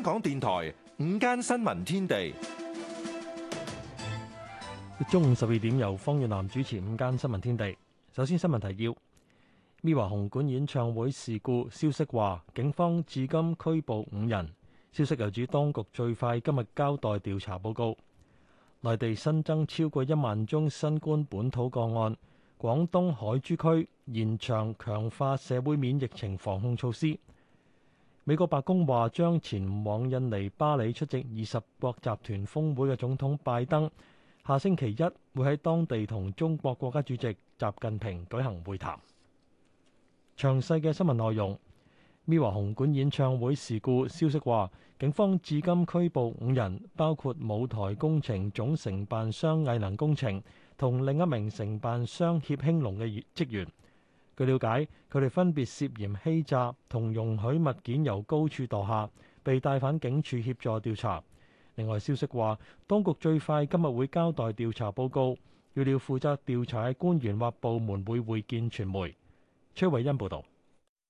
香港電台午間新聞天地，中午十二點由方悅南主持《午間新聞天地》。首先新聞提要：MIRROR 紅館演唱會事故消息話，警方至今拘捕五人。消息又指當局最快今日交代調查報告。內地新增超過一萬宗新冠本土個案，廣東海珠區延長強化社會面疫情防控措施。美國白宮話將前往印尼巴里出席二十國集團峰會嘅總統拜登，下星期一會喺當地同中國國家主席習近平舉行會談。詳細嘅新聞內容，MIRROR 紅館演唱會事故消息話，警方至今拘捕五人，包括舞台工程總承辦商，商藝能工程同另一名承辦商協興隆嘅職員。據了解，佢哋分別涉嫌欺詐同容許物件由高處墮下，被帶返警署協助調查。另外消息話，當局最快今日會交代調查報告，預料負責調查嘅官員或部門會會見傳媒。崔偉恩報道。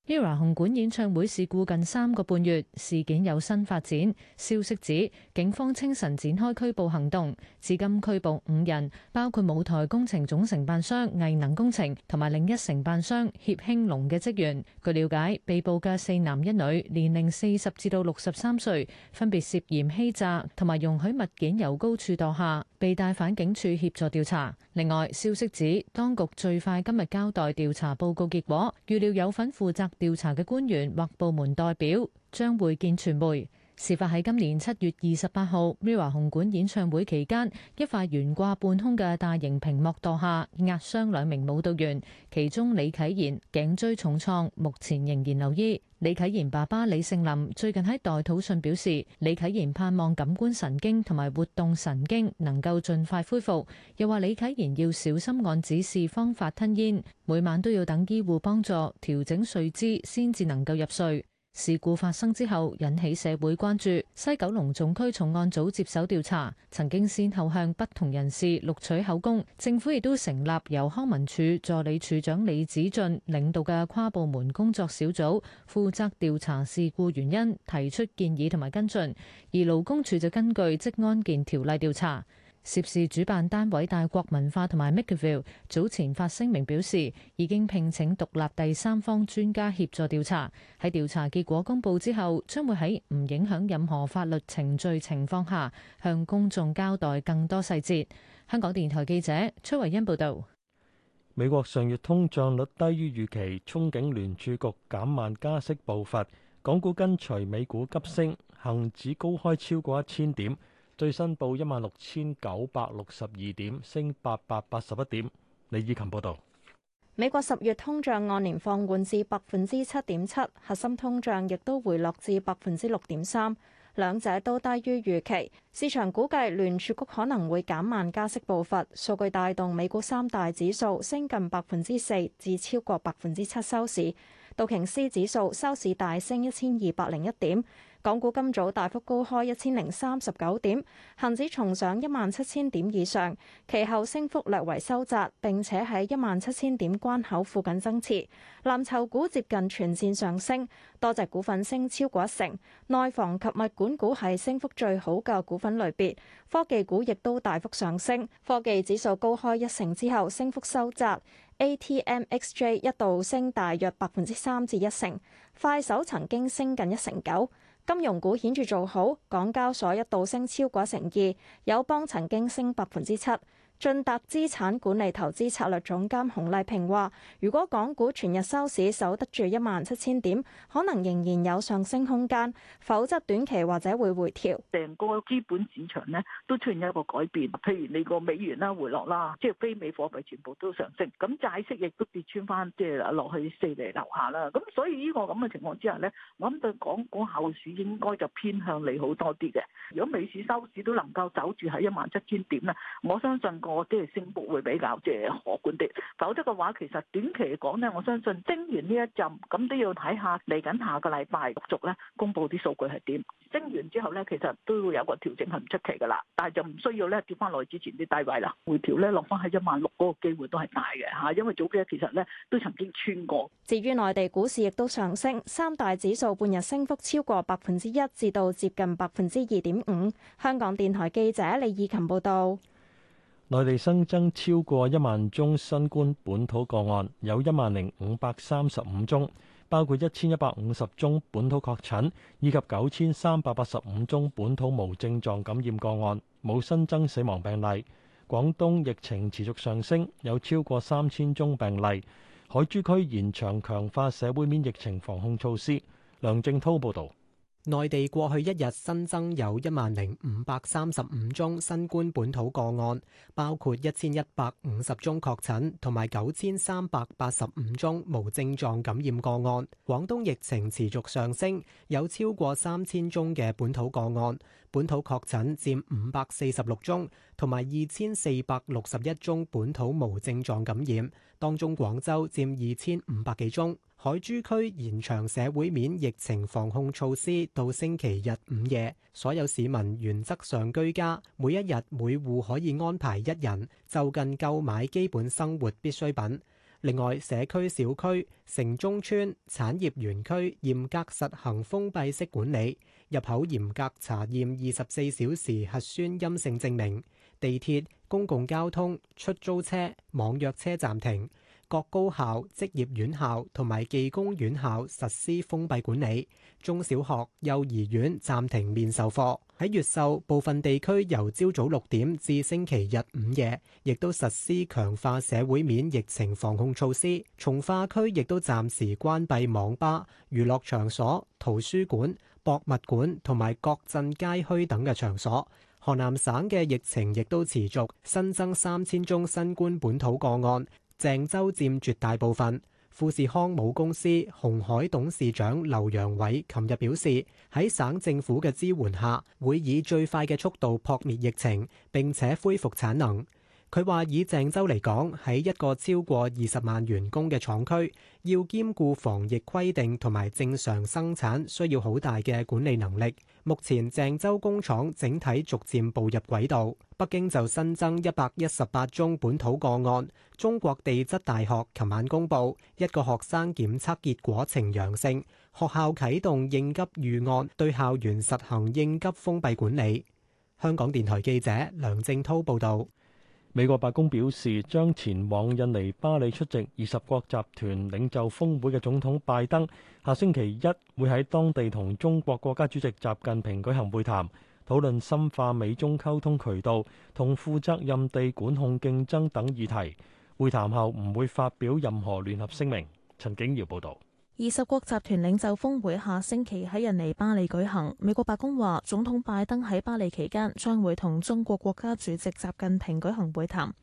Era 紅館演唱會事故近三個半月，事件有新發展。消息指警方清晨展開拘捕行動，至今拘捕五人，包括舞台工程總承辦商藝能工程同埋另一承辦商協興隆嘅職員。據了解，被捕嘅四男一女，年齡四十至到六十三歲，分別涉嫌欺詐同埋容許物件由高處墮下。被帶返警署協助調查。另外，消息指當局最快今日交代調查報告結果，預料有份負責調查嘅官員或部門代表將會見傳媒。事發喺今年七月二十八號，MIRROR 紅館演唱會期間，一塊懸掛半空嘅大型屏幕墮下，壓傷兩名舞蹈員，其中李啟言頸椎重創，目前仍然留醫。李啟言爸爸李盛林最近喺代禱信表示，李啟言盼望感官神經同埋活動神經能夠盡快恢復，又話李啟言要小心按指示方法吞嚥，每晚都要等醫護幫助調整睡姿先至能夠入睡。事故發生之後，引起社會關注。西九龍總區重案組接手調查，曾經先後向不同人士錄取口供。政府亦都成立由康文署助理署長李子俊領導嘅跨部門工作小組，負責調查事故原因，提出建議同埋跟進。而勞工處就根據職安健條例調查。涉事主辦單位大國文化同埋 MakerVille 早前發聲明表示，已經聘請獨立第三方專家協助調查。喺調查結果公布之後，將會喺唔影響任何法律程序情況下，向公眾交代更多細節。香港電台記者崔維恩報道。美國上月通脹率低於預期，憧憬聯儲局減慢加息步伐。港股跟隨美股急升，恒指高開超過一千點。最新報一萬六千九百六十二點，升八百八十一點。李以琴報導。美國十月通脹按年放緩至百分之七點七，核心通脹亦都回落至百分之六點三，兩者都低於預期。市場估計聯儲局可能會減慢加息步伐。數據帶動美股三大指數升近百分之四，至超過百分之七收市。道瓊斯指數收市大升一千二百零一點。港股今早大幅高開一千零三十九點，恒指重上一萬七千點以上，其後升幅略為收窄，並且喺一萬七千點關口附近增持。藍籌股接近全綫上升，多隻股份升超過一成。內房及物管股係升幅最好嘅股份類別，科技股亦都大幅上升，科技指數高開一成之後升幅收窄。ATMXJ 一度升大約百分之三至一成，快手曾經升近一成九。金融股顯著做好，港交所一度升超過一成二，友邦曾經升百分之七。晉達資產管理投資策略總監洪麗萍話：如果港股全日收市守得住一萬七千點，可能仍然有上升空間，否則短期或者會回調。成個資本市場呢都出現一個改變，譬如你個美元啦回落啦，即係非美貨幣全部都上升，咁債息亦都跌穿返，即係落去四厘樓下啦。咁所以呢個咁嘅情況之下呢，我諗對港股後市應該就偏向利好多啲嘅。如果美市收市都能夠走住喺一萬七千點咧，我相信。我啲升幅會比較即係可觀啲，否則嘅話，其實短期嚟講呢，我相信蒸完呢一陣咁都要睇下嚟緊下個禮拜陸續咧，公布啲數據係點蒸完之後呢？其實都會有個調整係唔出奇嘅啦。但係就唔需要咧跌翻落之前啲低位啦，回調咧落翻喺一萬六嗰個機會都係大嘅嚇，因為早幾日其實咧都曾經穿過。至於內地股市亦都上升，三大指數半日升幅超過百分之一，至到接近百分之二點五。香港電台記者李義琴報道。內地新增超過一萬宗新冠本土個案，有一萬零五百三十五宗，包括一千一百五十宗本土確診，以及九千三百八十五宗本土無症狀感染個案，冇新增死亡病例。廣東疫情持續上升，有超過三千宗病例。海珠區延長強化社會面疫情防控措施。梁正滔報導。內地過去一日新增有一萬零五百三十五宗新冠本土個案，包括一千一百五十宗確診，同埋九千三百八十五宗無症狀感染個案。廣東疫情持續上升，有超過三千宗嘅本土個案，本土確診佔五百四十六宗，同埋二千四百六十一宗本土無症狀感染，當中廣州佔二千五百幾宗。海珠區延長社會面疫情防控措施到星期日午夜，所有市民原則上居家，每一日每戶可以安排一人就近購買基本生活必需品。另外，社區、小區、城中村、產業園區嚴格實行封閉式管理，入口嚴格查驗二十四小時核酸陰性證明。地鐵、公共交通、出租車、網約車暫停。各高校、職業院校同埋技工院校實施封閉管理，中小學幼兒園暫停面授課，喺越秀部分地區由朝早六點至星期日午夜，亦都實施強化社會面疫情防控措施。從化區亦都暫時關閉網吧、娛樂場所、圖書館、博物館同埋各鎮街區等嘅場所。河南省嘅疫情亦都持續新增三千宗新冠本土個案。鄭州佔絕大部分。富士康母公司鴻海董事長劉揚偉琴日表示，喺省政府嘅支援下，會以最快嘅速度撲滅疫情，並且恢復產能。佢話以鄭州嚟講，喺一個超過二十萬員工嘅廠區，要兼顧防疫規定同埋正常生產需要好大嘅管理能力。目前鄭州工廠整體逐漸步入軌道。北京就新增一百一十八宗本土個案。中國地質大學琴晚公布一個學生檢測結果呈陽性，學校啟動應急預案，對校園實行應急封閉管理。香港電台記者梁正濤報道。美國白宮表示，將前往印尼巴里出席二十國集團領袖峰會嘅總統拜登，下星期一會喺當地同中國國家主席習近平舉行會談，討論深化美中溝通渠道、同負責任地管控競爭等議題。會談後唔會發表任何聯合聲明。陳景堯報道。二十國集團領袖峰會下星期喺印尼巴釐舉行，美國白宮話，總統拜登喺巴釐期間將會同中國國家主席習近平舉行會談。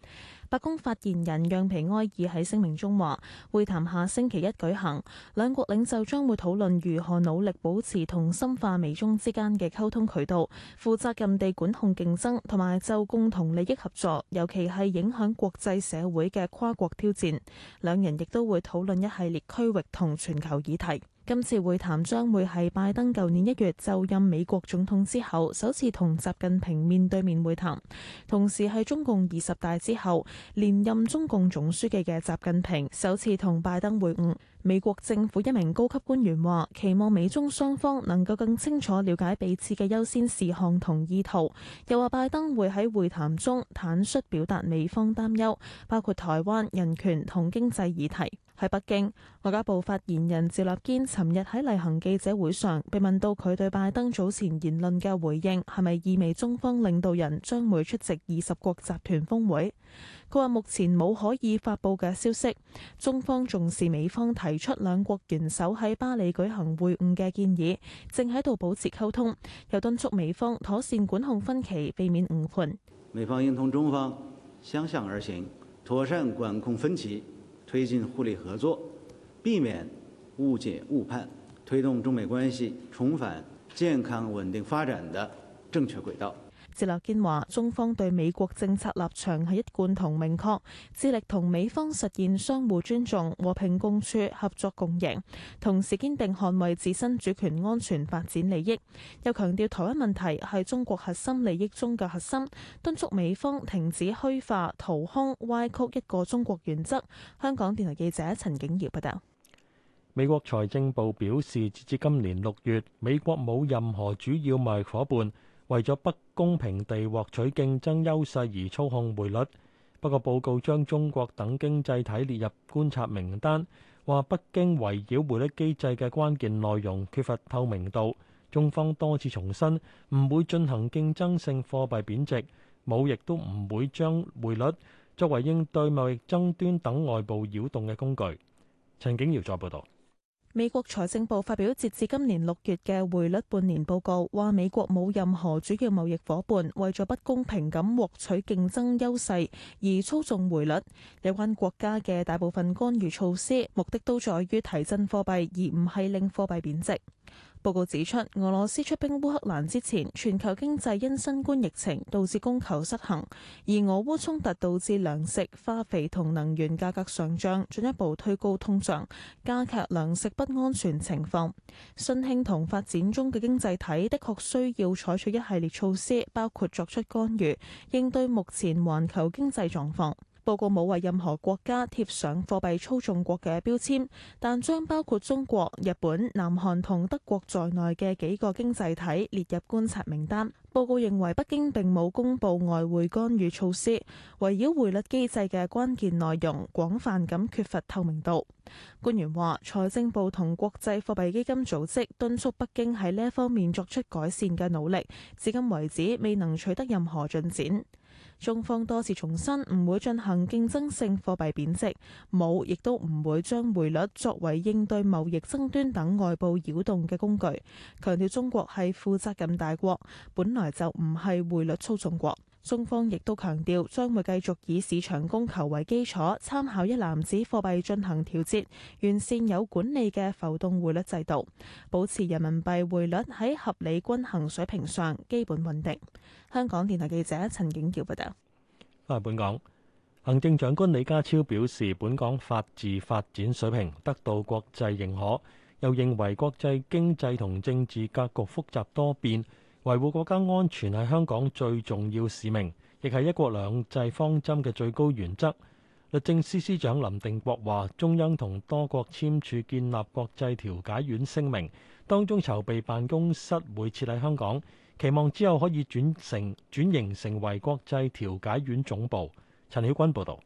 白宮發言人讓皮埃爾喺聲明中話，會談下星期一舉行，兩國領袖將會討論如何努力保持同深化美中之間嘅溝通渠道，負責任地管控競爭，同埋就共同利益合作，尤其係影響國際社會嘅跨國挑戰。兩人亦都會討論一系列區域同全球議題。今次會談將會係拜登舊年一月就任美國總統之後，首次同習近平面對面會談，同時係中共二十大之後連任中共總書記嘅習近平首次同拜登會晤。美國政府一名高級官員話：期望美中雙方能夠更清楚了解彼此嘅優先事項同意圖。又話拜登會喺會談中坦率表達美方擔憂，包括台灣、人權同經濟議題。喺北京，外交部發言人趙立堅尋日喺例行記者會上，被問到佢對拜登早前言論嘅回應，係咪意味中方領導人將會出席二十國集團峰會，佢話目前冇可以發布嘅消息。中方重視美方提出兩國元首喺巴黎舉行會晤嘅建議，正喺度保持溝通，又敦促美方妥善管控分歧，避免誤判。美方應同中方相向而行，妥善管控分歧，推進互利合作，避免誤解誤判，推動中美關係重返健康穩定發展的正確軌道。謝立堅話：中方對美國政策立場係一貫同明確，致力同美方實現相互尊重、和平共處、合作共贏，同時堅定捍衛自身主權、安全、發展利益。又強調台灣問題係中國核心利益中嘅核心，敦促美方停止虛化、掏空、歪曲一個中國原則。香港電台記者陳景堯報道。美國財政部表示，截至今年六月，美國冇任何主要貿易伙伴。為咗不公平地獲取競爭優勢而操控匯率，不過報告將中國等經濟體列入觀察名單，話北京圍繞匯率機制嘅關鍵內容缺乏透明度。中方多次重申唔會進行競爭性貨幣貶值，冇亦都唔會將匯率作為應對貿易爭端等外部擾動嘅工具。陳景堯再報道。美國財政部發表截至今年六月嘅匯率半年報告，話美國冇任何主要貿易夥伴為咗不公平咁獲取競爭優勢而操縱匯率。有關國家嘅大部分干預措施，目的都在於提振貨幣，而唔係令貨幣貶值。報告指出，俄羅斯出兵烏克蘭之前，全球經濟因新冠疫情導致供求失衡，而俄烏衝突導致糧食、化肥同能源價格上漲，進一步推高通脹，加劇糧食不安全情況。新興同發展中嘅經濟體的確需要採取一系列措施，包括作出干預，應對目前環球經濟狀況。報告冇為任何國家貼上貨幣操縱國嘅標籤，但將包括中國、日本、南韓同德國在內嘅幾個經濟體列入觀察名單。報告認為北京並冇公布外匯干預措施，圍繞匯率機制嘅關鍵內容廣泛咁缺乏透明度。官員話：財政部同國際貨幣基金組織敦促北京喺呢一方面作出改善嘅努力，至今為止未能取得任何進展。中方多次重申唔會進行競爭性貨幣貶值，冇亦都唔會將匯率作為應對貿易爭端等外部擾動嘅工具，強調中國係負責任大國，本來就唔係匯率操縱國。中方亦都強調，將會繼續以市場供求為基礎，參考一籃子貨幣進行調節，完善有管理嘅浮動匯率制度，保持人民幣匯率喺合理均衡水平上基本穩定。香港電台記者陳景橋報道。本港，行政長官李家超表示，本港法治發展水平得到國際認可，又認為國際經濟同政治格局複雜多變。維護國家安全係香港最重要使命，亦係一國兩制方針嘅最高原則。律政司司長林定國話：中央同多國簽署建立國際調解院聲明，當中籌備辦公室會設喺香港，期望之後可以轉成，轉型成為國際調解院總部。陳曉君報導。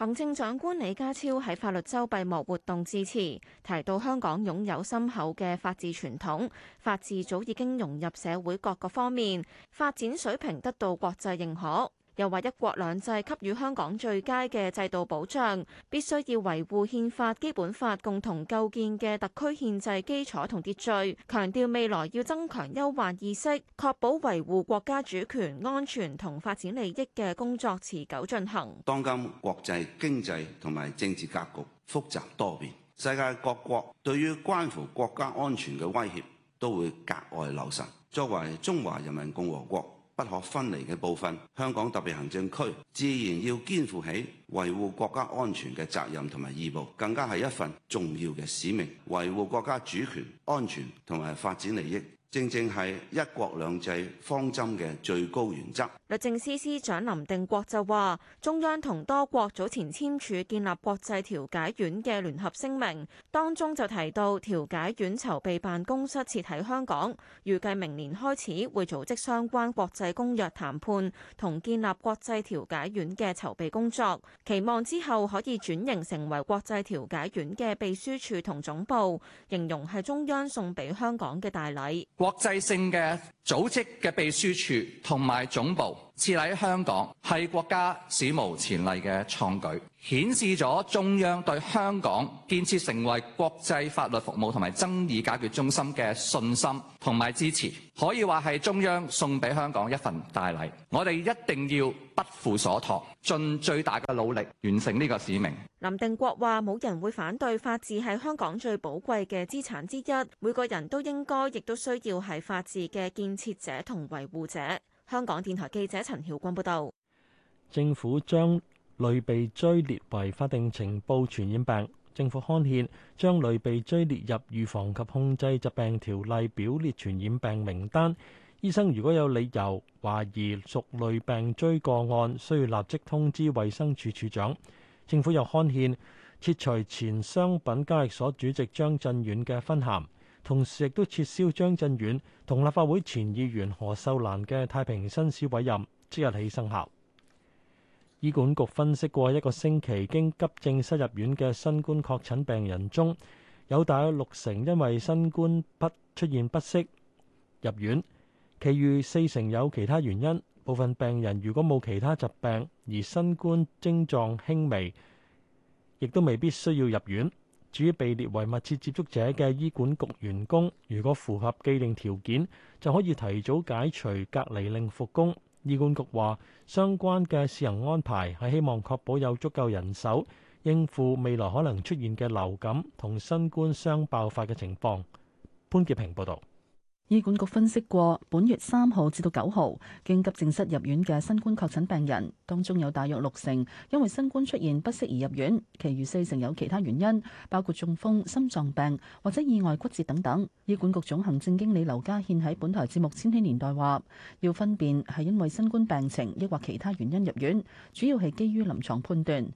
行政長官李家超喺法律週閉幕活動致詞，提到香港擁有深厚嘅法治傳統，法治早已經融入社會各個方面，發展水平得到國際認可。又話一國兩制給予香港最佳嘅制度保障，必須要維護憲法、基本法共同構建嘅特區憲制基礎同秩序，強調未來要增強憂患意識，確保維護國家主權、安全同發展利益嘅工作持久進行。當今國際經濟同埋政治格局複雜多變，世界各國對於關乎國家安全嘅威脅都會格外留神。作為中華人民共和國，不可分離嘅部分，香港特別行政區自然要肩負起維護國家安全嘅責任同埋義務，更加係一份重要嘅使命，維護國家主權、安全同埋發展利益。正正係一國兩制方針嘅最高原則。律政司司長林定國就話，中央同多國早前簽署建立國際調解院嘅聯合聲明，當中就提到調解院籌備辦公室設喺香港，預計明年開始會組織相關國際公約談判同建立國際調解院嘅籌備工作，期望之後可以轉型成為國際調解院嘅秘書處同總部，形容係中央送俾香港嘅大禮。國際性嘅組織嘅秘書處同埋總部設喺香港，係國家史無前例嘅創舉。顯示咗中央對香港建設成為國際法律服務同埋爭議解決中心嘅信心同埋支持，可以話係中央送俾香港一份大禮。我哋一定要不負所託，盡最大嘅努力完成呢個使命。林定國話：冇人會反對法治係香港最寶貴嘅資產之一，每個人都應該亦都需要係法治嘅建設者同維護者。香港電台記者陳曉君報道：政府將類鼻疽列為法定情報傳染病，政府刊憲將類鼻疽列入預防及控制疾病條例表列傳染病名單。醫生如果有理由懷疑屬類鼻疽個案，需要立即通知衛生署署署長。政府又刊憲撤除前商品交易所主席張震遠嘅勳銜，同時亦都撤銷張震遠同立法會前議員何秀蘭嘅太平紳士委任，即日起生效。醫管局分析過一個星期經急症室入院嘅新冠確診病人中，有大約六成因為新冠不出現不適入院，其餘四成有其他原因。部分病人如果冇其他疾病而新冠症狀輕微，亦都未必需要入院。至於被列為密切接觸者嘅醫管局員工，如果符合既定條件，就可以提早解除隔離令復工。醫管局話，相關嘅試行安排係希望確保有足夠人手應付未來可能出現嘅流感同新冠雙爆發嘅情況。潘潔平報導。醫管局分析過，本月三號至到九號經急症室入院嘅新冠確診病人，當中有大約六成因為新冠出現不適而入院，其餘四成有其他原因，包括中風、心臟病或者意外骨折等等。醫管局總行政經理劉家憲喺本台節目《千禧年代》話：要分辨係因為新冠病情，抑或其他原因入院，主要係基於臨床判斷。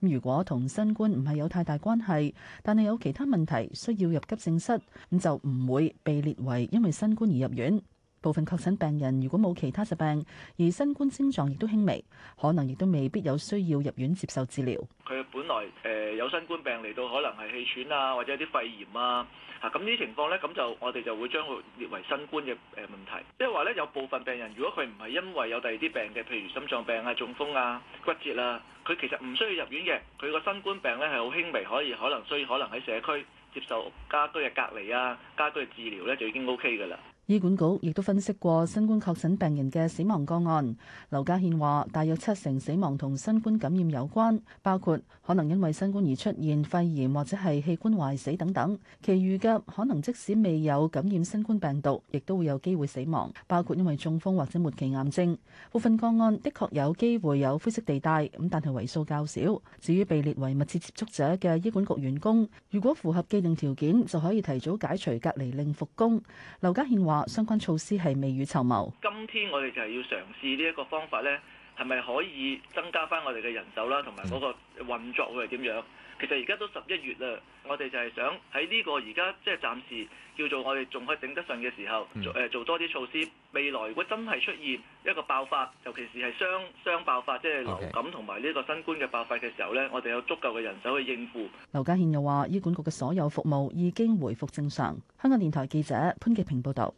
如果同新冠唔係有太大關係，但係有其他問題需要入急症室，咁就唔會被列為因為新冠而入院。部分確診病人如果冇其他疾病，而新冠症狀亦都輕微，可能亦都未必有需要入院接受治療。佢本來誒有新冠病嚟到，可能係氣喘啊，或者啲肺炎啊，嚇咁呢啲情況咧，咁就我哋就會將佢列為新冠嘅誒問題。即係話咧，有部分病人如果佢唔係因為有第二啲病嘅，譬如心臟病啊、中風啊、骨折啊，佢其實唔需要入院嘅。佢個新冠病咧係好輕微，可以可能需要可能喺社區接受家居嘅隔離啊、家居嘅治療咧，就已經 OK 噶啦。醫管局亦都分析過新冠確診病人嘅死亡個案。劉家獻話：大約七成死亡同新冠感染有關，包括可能因為新冠而出現肺炎或者係器官壞死等等。其餘嘅可能即使未有感染新冠病毒，亦都會有機會死亡，包括因為中風或者末期癌症。部分個案的確有機會有灰色地帶，咁但係為數較少。至於被列為密切接觸者嘅醫管局員工，如果符合既定條件，就可以提早解除隔離令復工。劉家獻話。話相關措施係未雨綢繆。今天我哋就係要嘗試呢一個方法呢，係咪可以增加翻我哋嘅人手啦，同埋嗰個運作會係點樣？其實而家都十一月啦，我哋就係想喺呢個而家即係暫時叫做我哋仲可以頂得順嘅時候，誒做多啲措施。未來如果真係出現一個爆發，尤其是係雙雙爆發，即係流感同埋呢一個新冠嘅爆發嘅時候呢，我哋有足夠嘅人手去應付。劉家獻又話：醫管局嘅所有服務已經回復正常。香港電台記者潘潔平報導。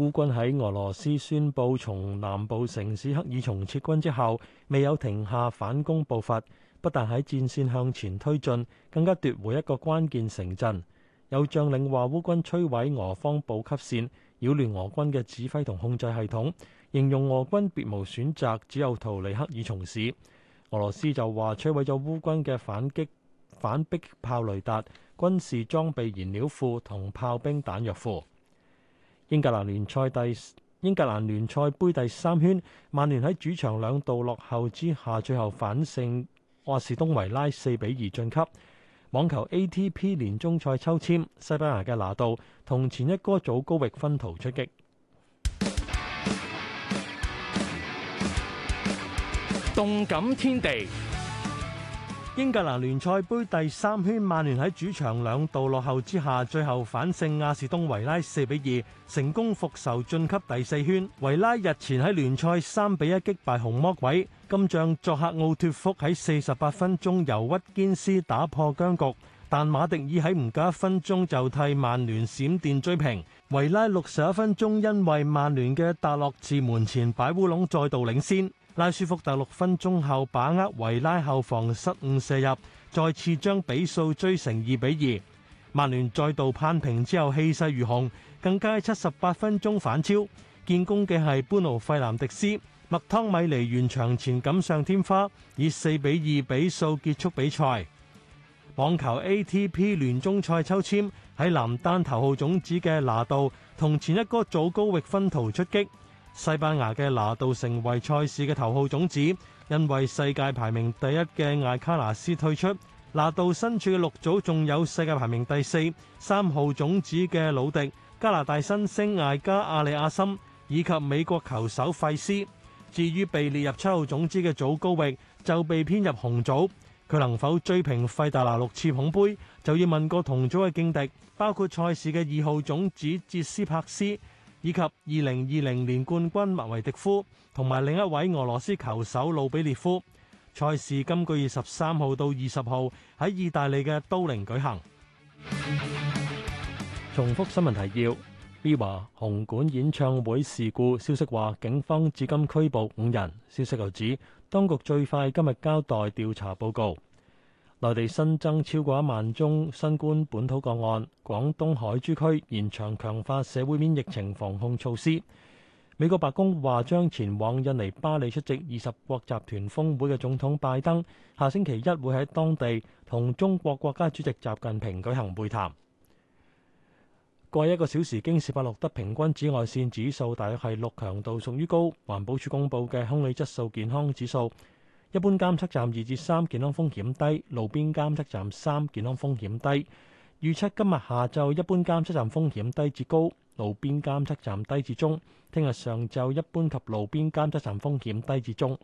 烏軍喺俄羅斯宣布從南部城市克爾松撤軍之後，未有停下反攻步伐，不但喺戰線向前推進，更加奪回一個關鍵城鎮。有將領話烏軍摧毀俄方補給線，擾亂俄軍嘅指揮同控制系統，形容俄軍別無選擇，只有逃離克爾松市。俄羅斯就話摧毀咗烏軍嘅反擊，反迫炮雷達、軍事裝備燃料庫同炮兵彈藥庫。英格蘭聯賽第英格蘭聯賽盃第三圈，曼聯喺主場兩度落後之下，最後反勝阿士東維拉四比二晉級。網球 ATP 年終賽抽籤，西班牙嘅拿度同前一哥祖高域分途出擊。動感天地。英格蘭聯賽盃第三圈，曼聯喺主場兩度落後之下，最後反勝亞士東維拉四比二，成功復仇晉級第四圈。維拉日前喺聯賽三比一擊敗紅魔鬼，今仗作客奧脫福喺四十八分鐘由屈堅斯打破僵局，但馬迪爾喺唔夠一分鐘就替曼聯閃電追平。維拉六十一分鐘因為曼聯嘅達洛茨門前擺烏龍，再度領先。拉舒福特第六分鐘後把握維拉後防失誤射入，再次將比數追成二比二。曼聯再度攀平之後氣勢如虹，更加喺七十八分鐘反超。建功嘅係班奴費南迪斯，麥湯米尼完場前錦上添花，以四比二比數結束比賽。網球 ATP 聯中賽抽籤，喺男單頭號種子嘅拿度同前一哥祖高域分途出擊。西班牙嘅拿度成為賽事嘅頭號種子，因為世界排名第一嘅艾卡拿斯退出。拿度身處嘅六組仲有世界排名第四、三號種子嘅魯迪、加拿大新星艾加阿里亞森以及美國球手費斯。至於被列入七號種子嘅祖高域，就被編入紅組。佢能否追平費達拿六次捧杯，就要問過同組嘅勁敵，包括賽事嘅二號種子捷斯帕斯。以及二零二零年冠軍麥維迪夫同埋另一位俄羅斯球手魯比列夫。賽事今個月十三號到二十號喺意大利嘅都靈舉行。重複新聞提要：B 華紅館演唱會事故消息話，警方至今拘捕五人。消息又指，當局最快今日交代調查報告。內地新增超過一萬宗新冠本土個案，廣東海珠區延長強化社會面疫情防控措施。美國白宮話將前往印尼巴里出席二十國集團峰會嘅總統拜登，下星期一會喺當地同中國國家主席習近平舉行會談。過一個小時，京士柏錄得平均紫外線指數大約係六強度，屬於高。環保署公布嘅空氣質素健康指數。一般監測站二至三健康風險低，路邊監測站三健康風險低。預測今日下晝一般監測站風險低至高，路邊監測站低至中。聽日上晝一般及路邊監測站風險低至中。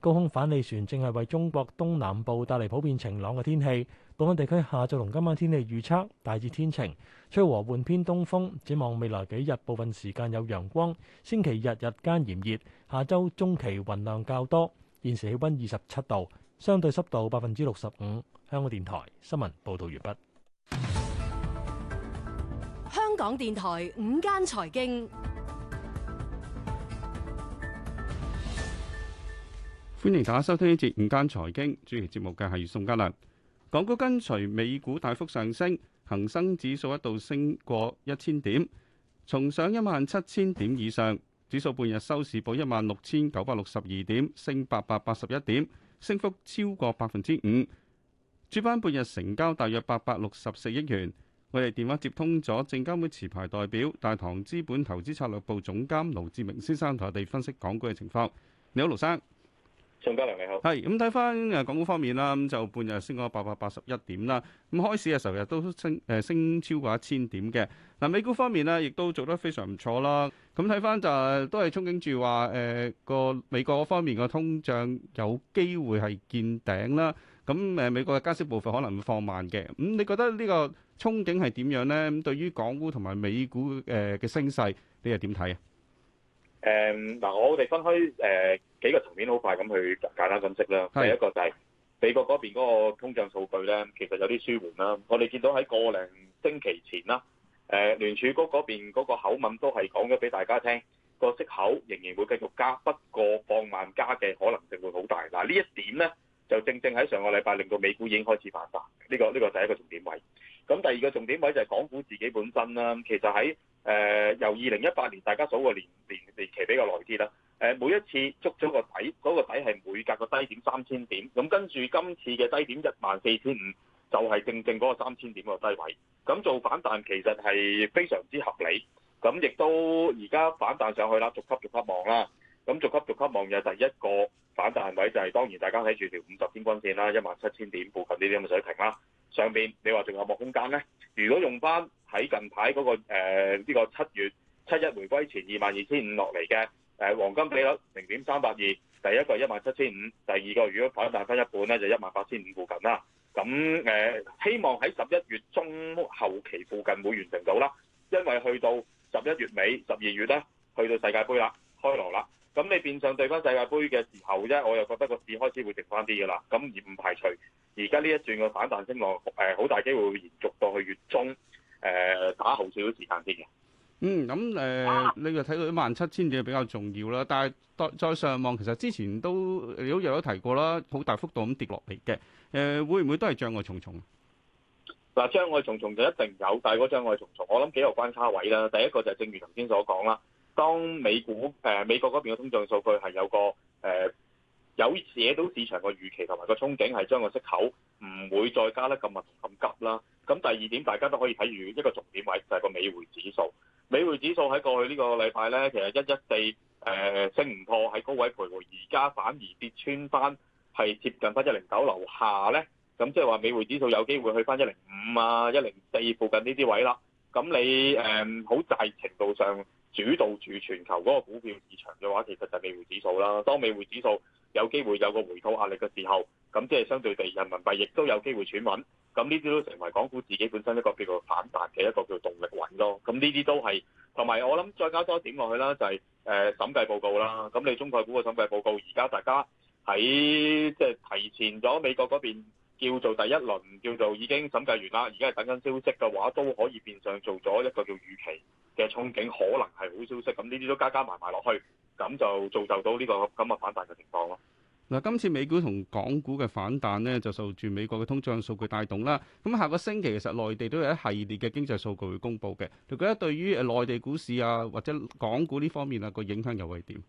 高空反氣旋正係為中國東南部帶嚟普遍晴朗嘅天氣。部分地區下晝同今晚天氣預測大致天晴，吹和緩偏東風。展望未來幾日部分時間有陽光，星期日日間炎熱，下週中期雲量較多。現時氣溫二十七度，相對濕度百分之六十五。香港電台新聞報道完畢。香港電台午間財經，歡迎大家收聽呢節午間財經。主持節目嘅係宋嘉良。港股跟隨美股大幅上升，恒生指數一度升過一千點，重上一萬七千點以上。指數半日收市報一萬六千九百六十二點，升八百八十一點，升幅超過百分之五。主板半日成交大約八百六十四億元。我哋電話接通咗證監會持牌代表、大堂資本投資策略部總監盧志明先生，同我哋分析港股嘅情況。你好，盧生。宋嘉良你好，係咁睇翻誒港股方面啦，咁就半日升咗八百八十一點啦。咁開市嘅時候亦都升誒，升超過一千點嘅。嗱，美股方面呢，亦都做得非常唔錯啦。咁睇翻就都係憧憬住話誒，個、呃、美國方面個通脹有機會係見頂啦。咁、嗯、誒，美國嘅加息部分可能會放慢嘅。咁、嗯、你覺得呢個憧憬係點樣咧？咁對於港股同埋美股誒嘅、呃、升勢，你又點睇啊？誒，嗱、嗯，我哋分開誒、呃、幾個層面，好快咁去簡單分析啦。的第一個就係美國嗰邊嗰個通脹數據咧，其實有啲舒緩啦。我哋見到喺個零星期前啦，誒、呃，聯儲局嗰邊嗰個口吻都係講咗俾大家聽，個息口仍然會繼續加，不過放慢加嘅可能性會好大。嗱，呢一點咧就正正喺上個禮拜令到美股已經開始反彈。呢、這個呢、這個第一個重點位。咁第二個重點位就係港股自己本身啦。其實喺誒、呃、由二零一八年大家數個年年期比較耐啲啦，誒、呃、每一次捉咗個底，嗰、那個底係每隔個低點三千點，咁跟住今次嘅低點一萬四千五就係正正嗰個三千點個低位，咁做反彈其實係非常之合理，咁亦都而家反彈上去啦，逐級逐級望啦。咁逐級逐級望嘅第一個反彈位就係當然大家睇住條五十天均線啦、啊，一萬七千點附近呢啲咁嘅水平啦、啊。上邊你話仲有冇空間呢？如果用翻喺近排嗰、那個呢、呃這個七月七一回歸前二萬二千五落嚟嘅誒黃金比率零點三八二，第一個一萬七千五，第二個如果反彈翻一半呢，就一萬八千五附近啦、啊。咁誒、呃、希望喺十一月中後期附近會完成到啦，因為去到十一月尾十二月呢，去到世界盃啦，開鑼啦。咁你變相對翻世界盃嘅時候啫，我又覺得個市開始會靜翻啲噶啦。咁而唔排除而家呢一轉嘅反彈升落，誒好大機會會延續到去月中，誒、呃、打後少少時間先嘅、嗯。嗯，咁誒你就睇到一萬七千幾比較重要啦。但係再再上望，其實之前都有有提過啦，好大幅度咁跌落嚟嘅。誒、嗯、會唔會都係障礙重重？嗱，障礙重重就一定有，但係嗰障礙重重，我諗幾個關卡位啦。第一個就係正如頭先所講啦。當美股誒、呃、美國嗰邊嘅通脹數據係有個誒、呃、有寫到市場嘅預期同埋個憧憬係將個息口唔會再加得咁密咁急啦。咁第二點，大家都可以睇住一個重點位就係個美匯指數。美匯指數喺過去呢個禮拜呢，其實一一四誒升唔破喺高位徘徊，而家反而跌穿翻係接近翻一零九樓下呢。咁即係話美匯指數有機會去翻一零五啊、一零四附近呢啲位啦。咁你誒、呃、好大程度上，主導住全球嗰個股票市場嘅話，其實就係美匯指數啦。當美匯指數有機會有個回吐壓力嘅時候，咁即係相對地，人民幣亦都有機會轉穩。咁呢啲都成為港股自己本身一個叫做反彈嘅一個叫做動力源咯。咁呢啲都係同埋我諗再加多一點落去啦，就係、是、誒、呃、審計報告啦。咁你中概股嘅審計報告而家大家喺即係提前咗美國嗰邊。叫做第一輪，叫做已經審計完啦，而家係等緊消息嘅話，都可以變相做咗一個叫預期嘅憧憬，可能係好消息。咁呢啲都加加埋埋落去，咁就造就到呢個咁嘅反彈嘅情況咯。嗱，今次美股同港股嘅反彈呢，就受住美國嘅通脹數據帶動啦。咁下個星期其實內地都有一系列嘅經濟數據會公布嘅，你覺得對於誒內地股市啊或者港股呢方面啊個影響又會點？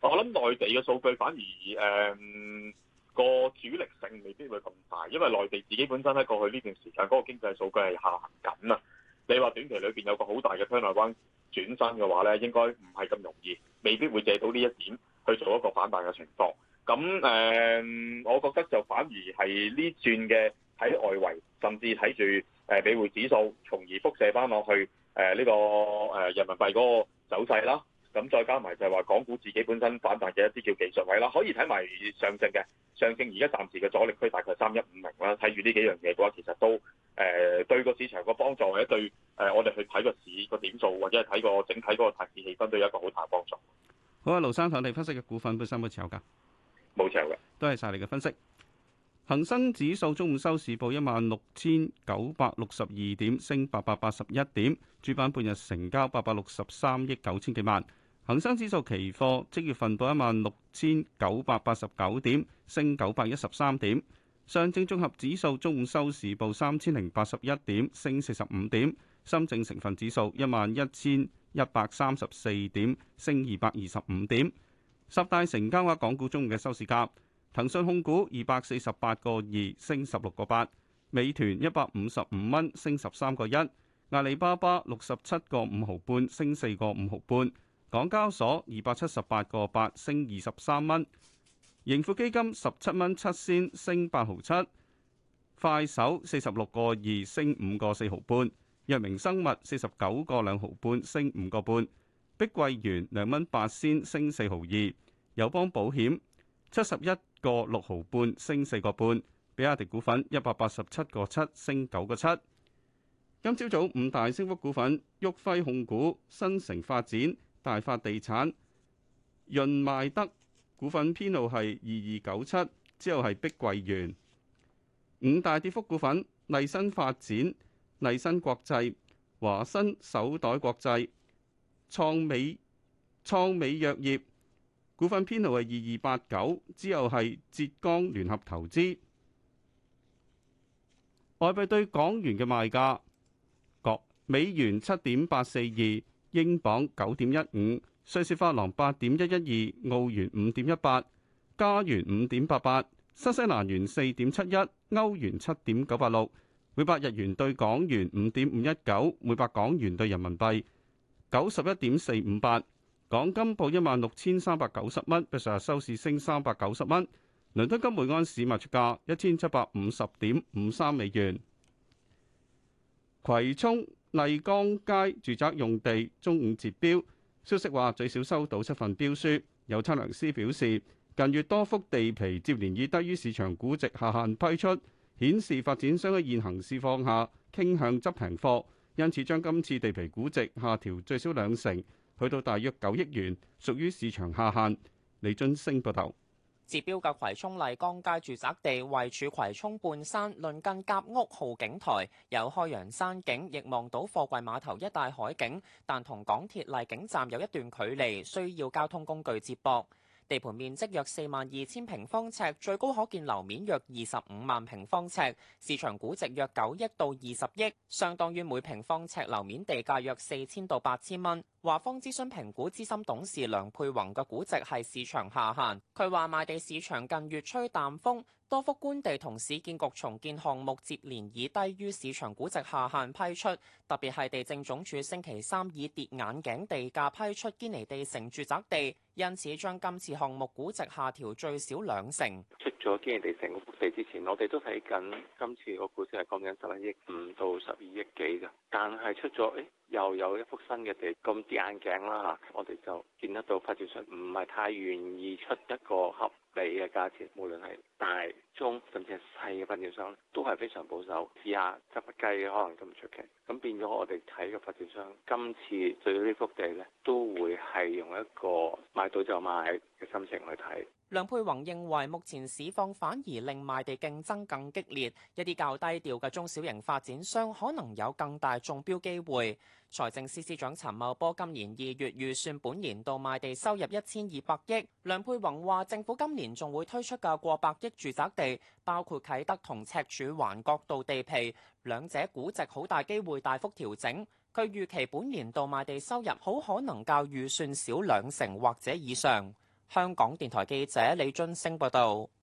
我諗內地嘅數據反而誒。嗯個主力性未必會咁大，因為內地自己本身喺過去呢段時間嗰、那個經濟數據係下行緊啊。你話短期裏邊有個好大嘅 turnaround 轉身嘅話咧，應該唔係咁容易，未必會借到呢一點去做一個反彈嘅情況。咁誒，uh, 我覺得就反而係呢轉嘅喺外圍，甚至睇住誒美匯指數，從而輻射翻落去誒呢、uh, 個誒人民幣嗰個走勢啦。咁再加埋就係話，港股自己本身反彈嘅一啲叫技術位啦，可以睇埋上證嘅上證，而家暫時嘅阻力區大概三一五零啦。睇住呢幾樣嘢嘅話，其實都誒、呃、對個市場個幫助，或者對誒我哋去睇個市個點數，或者係睇個整體嗰個大市氣氛，都有一個好大幫助。好啊，盧生，睇下你分析嘅股份有冇三倍持有㗎？冇持有嘅，都係晒你嘅分析。恒生指數中午收市報一萬六千九百六十二點，升八百八十一點，主板半日成交八百六十三億九千幾萬。恒生指數期貨即月份報一萬六千九百八十九點，升九百一十三點。上證綜合指數中午收市報三千零八十一點，升四十五點。深證成分指數一萬一千一百三十四點，升二百二十五點。十大成交額港股中午嘅收市價，騰訊控股二百四十八個二，升十六個八；美團一百五十五蚊，升十三個一；阿里巴巴六十七個五毫半，升四個五毫半。港交所二百七十八個八升二十三蚊，盈富基金十七蚊七仙升八毫七，快手四十六個二升五個四毫半，藥明生物四十九個兩毫半升五個半，碧桂園兩蚊八仙升四毫二，友邦保險七十一個六毫半升四個半，比亞迪股份一百八十七個七升九個七。今朝早五大升幅股份：旭輝控股、新城發展。大發地產、潤邁德股份編號係二二九七，之後係碧桂園。五大跌幅股份：麗新發展、麗新國際、華新手袋國際、創美、創美藥業股份編號係二二八九，之後係浙江聯合投資。外幣對港元嘅賣價：美元七點八四二。英鎊九點一五，瑞士法郎八點一一二，澳元五點一八，加元五點八八，新西蘭元四點七一，歐元七點九八六，每百日元對港元五點五一九，每百港元對人民幣九十一點四五八，港金報一萬六千三百九十蚊，比上日收市升三百九十蚊。倫敦金每盎司賣出價一千七百五十點五三美元，葵涌。麗江街住宅用地中午截標，消息話最少收到七份標書。有測量師表示，近月多幅地皮接連以低於市場估值下限批出，顯示發展商喺現行市況下傾向執平貨，因此將今次地皮估值下調最少兩成，去到大約九億元，屬於市場下限。李津升報道。截標嘅葵涌麗江街住宅地，位處葵涌半山，鄰近甲屋浩景台，有開揚山景，亦望到貨櫃碼頭一帶海景，但同港鐵荔景站有一段距離，需要交通工具接駁。地盤面積約四萬二千平方尺，最高可建樓面約二十五萬平方尺，市場估值約九億到二十億，相當於每平方尺樓面地價約四千到八千蚊。華方諮詢評估資深董事梁佩宏嘅估值係市場下限。佢話賣地市場近月吹淡風。多幅官地同市建局重建項目接連以低於市場估值下限批出，特別係地政總署星期三以跌眼鏡地價批出堅尼地城住宅地，因此將今次項目估值下調最少兩成。出咗堅尼地城個地之前，我哋都睇緊，今次個估值係講緊十一億五到十二億幾㗎，但係出咗誒。又有一幅新嘅地，咁跌眼鏡啦嚇，我哋就見得到發展商唔係太願意出一個合理嘅價錢，無論係大、中甚至係細嘅發展商，都係非常保守，試下執雞可能都唔出奇。咁變咗我哋睇嘅發展商，今次對呢幅地咧，都會係用一個買到就買嘅心情去睇。梁佩宏認為，目前市況反而令賣地競爭更激烈，一啲較低調嘅中小型發展商可能有更大中標機會。財政司司長陳茂波今年二月預算本年度賣地收入一千二百億。梁佩宏話，政府今年仲會推出嘅過百億住宅地，包括啟德同赤柱環角道地皮，兩者估值好大機會大幅調整。佢預期本年度賣地收入好可能較預算少兩成或者以上。香港電台記者李津升報道。